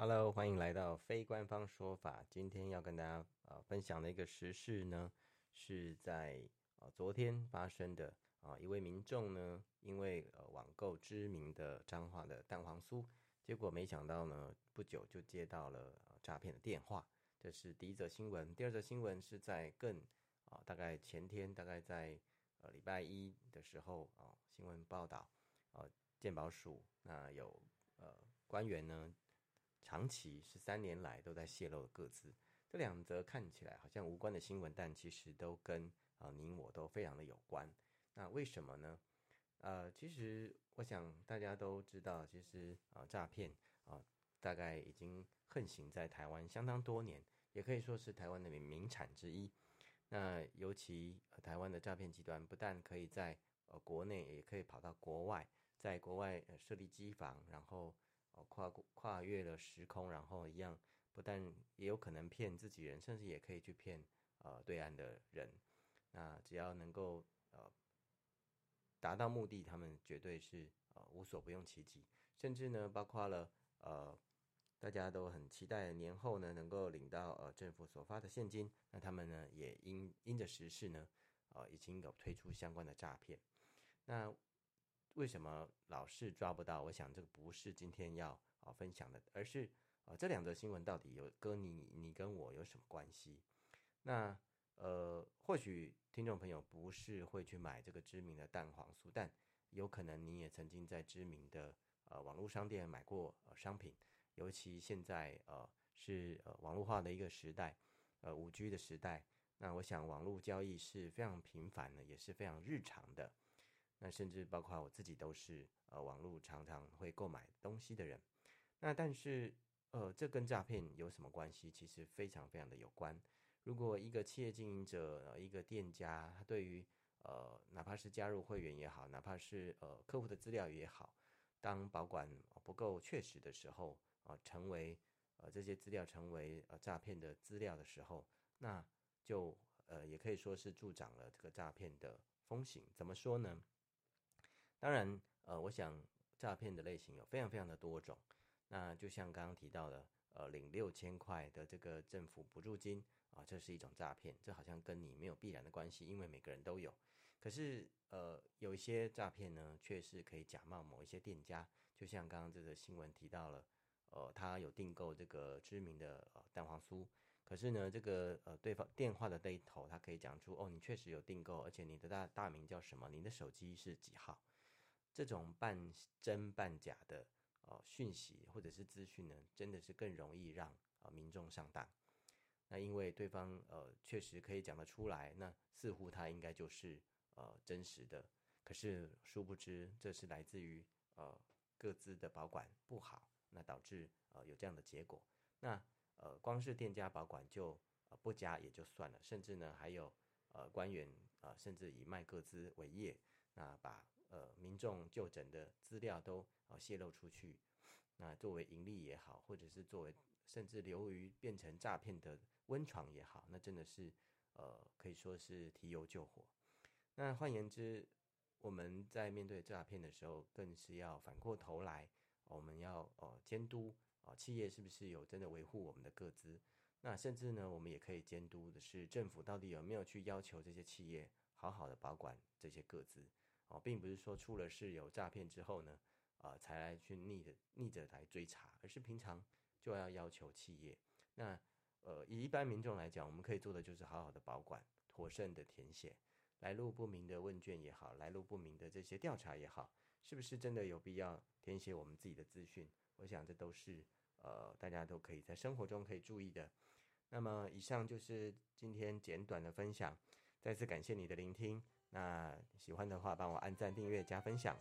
Hello，歡迎來到非官方說法。今天要跟大家呃分享的一個時事呢，是在、呃、昨天發生的啊、呃、一位民眾呢，因為呃網購知名的彰化的蛋黃酥，結果沒想到呢不久就接到了、呃、詐騙的電話。這是第一則新聞。第二則新聞是在更啊、呃、大概前天，大概在呃禮拜一的時候啊、呃、新聞報道啊、呃、健保署那有呃官員呢。長期十三年來都在洩露個資。這兩則看起來好像無關的新聞，但其實都跟啊你、呃、我都非常的有關。那為什麼呢？呃，其實我想大家都知道，其實啊、呃、詐騙啊、呃、大概已經橫行在台灣相當多年，也可以說是台灣那邊名產之一。那尤其、呃、台灣的詐騙集團不但可以在、呃、國內，也可以跑到國外，在國外、呃、設立機房，然後。跨過跨越了時空，然後一樣，不但也有可能騙自己人，甚至也可以去騙呃對岸的人。那只要能夠呃達到目的，他們絕對是呃無所不用其極，甚至呢包括了呃大家都很期待年後呢能夠領到呃政府所發的現金，那他們呢也因因着時事呢呃，已經有推出相關的詐騙，那，為什麼老是抓不到？我想這個不是今天要啊分享的，而是啊這兩則新聞到底有跟你你跟我有什麼關係？那呃，或許聽眾朋友不是會去買這個知名的蛋黃酥，但有可能你也曾經在知名的呃網絡商店買過商品，尤其現在呃是呃網絡化的一個時代，呃 5G 的時代，那我想網絡交易是非常頻繁的，也是非常日常的。那甚至包括我自己都是呃網絡常常會購買東西的人，那但是呃這跟詐騙有什麼關係？其實非常非常的有關。如果一個企業經營者、呃、一個店家，他對於呃哪怕是加入會員也好，哪怕是呃客戶的資料也好，當保管不夠確實的時候，啊、呃、成為呃這些資料成為呃詐騙的資料的時候，那就呃也可以說是助長了這個詐騙的風險，怎麼說呢？當然，呃，我想詐騙的類型有非常非常的多種。那就像剛剛提到的，呃，領六千塊的這個政府補助金啊，呃，這是一種詐騙。這好像跟你沒有必然的關係，因為每個人都有。可是，呃，有一些詐騙呢，卻是可以假冒某一些店家。就像剛剛這個新聞提到了，呃，他有訂購這個知名的呃蛋黃酥。可是呢，這個呃對方電話的那一頭，他可以講出哦，你確實有訂購，而且你的大大名叫什麼，你的手機是幾號。這種半真半假的呃訊息或者是資訊呢，真的是更容易讓、呃、民眾上當。那因為對方呃確實可以講得出來，那似乎他應該就是呃真實的。可是殊不知，這是來自於呃個資的保管不好，那導致呃有這樣的結果。那呃光是店家保管就、呃、不佳，也就算了，甚至呢還有呃官員啊、呃，甚至以賣個資為業。那把呃民眾就診的資料都啊、呃、泄露出去，那作為盈利也好，或者是作為甚至流於變成詐騙的溫床也好，那真的是呃可以說是提油救火。那換言之，我們在面對詐騙的時候，更是要反過頭來，我們要呃監督啊、呃、企業是不是有真的維護我們的個資。那甚至呢，我們也可以監督的是政府到底有沒有去要求這些企業好好的保管這些個資。哦，並不是說出了事有詐騙之後呢，呃，才來去逆着逆着來追查，而是平常就要要求企業。那呃，以一般民眾來講，我們可以做的就是好好的保管，妥善的填寫，來路不明的問卷也好，來路不明的這些調查也好，是不是真的有必要填寫我們自己的資訊？我想這都是呃，大家都可以在生活中可以注意的。那麼，以上就是今天簡短的分享。再次感謝你的聆聽，那喜歡的話，幫我按讚、訂閱、加分享。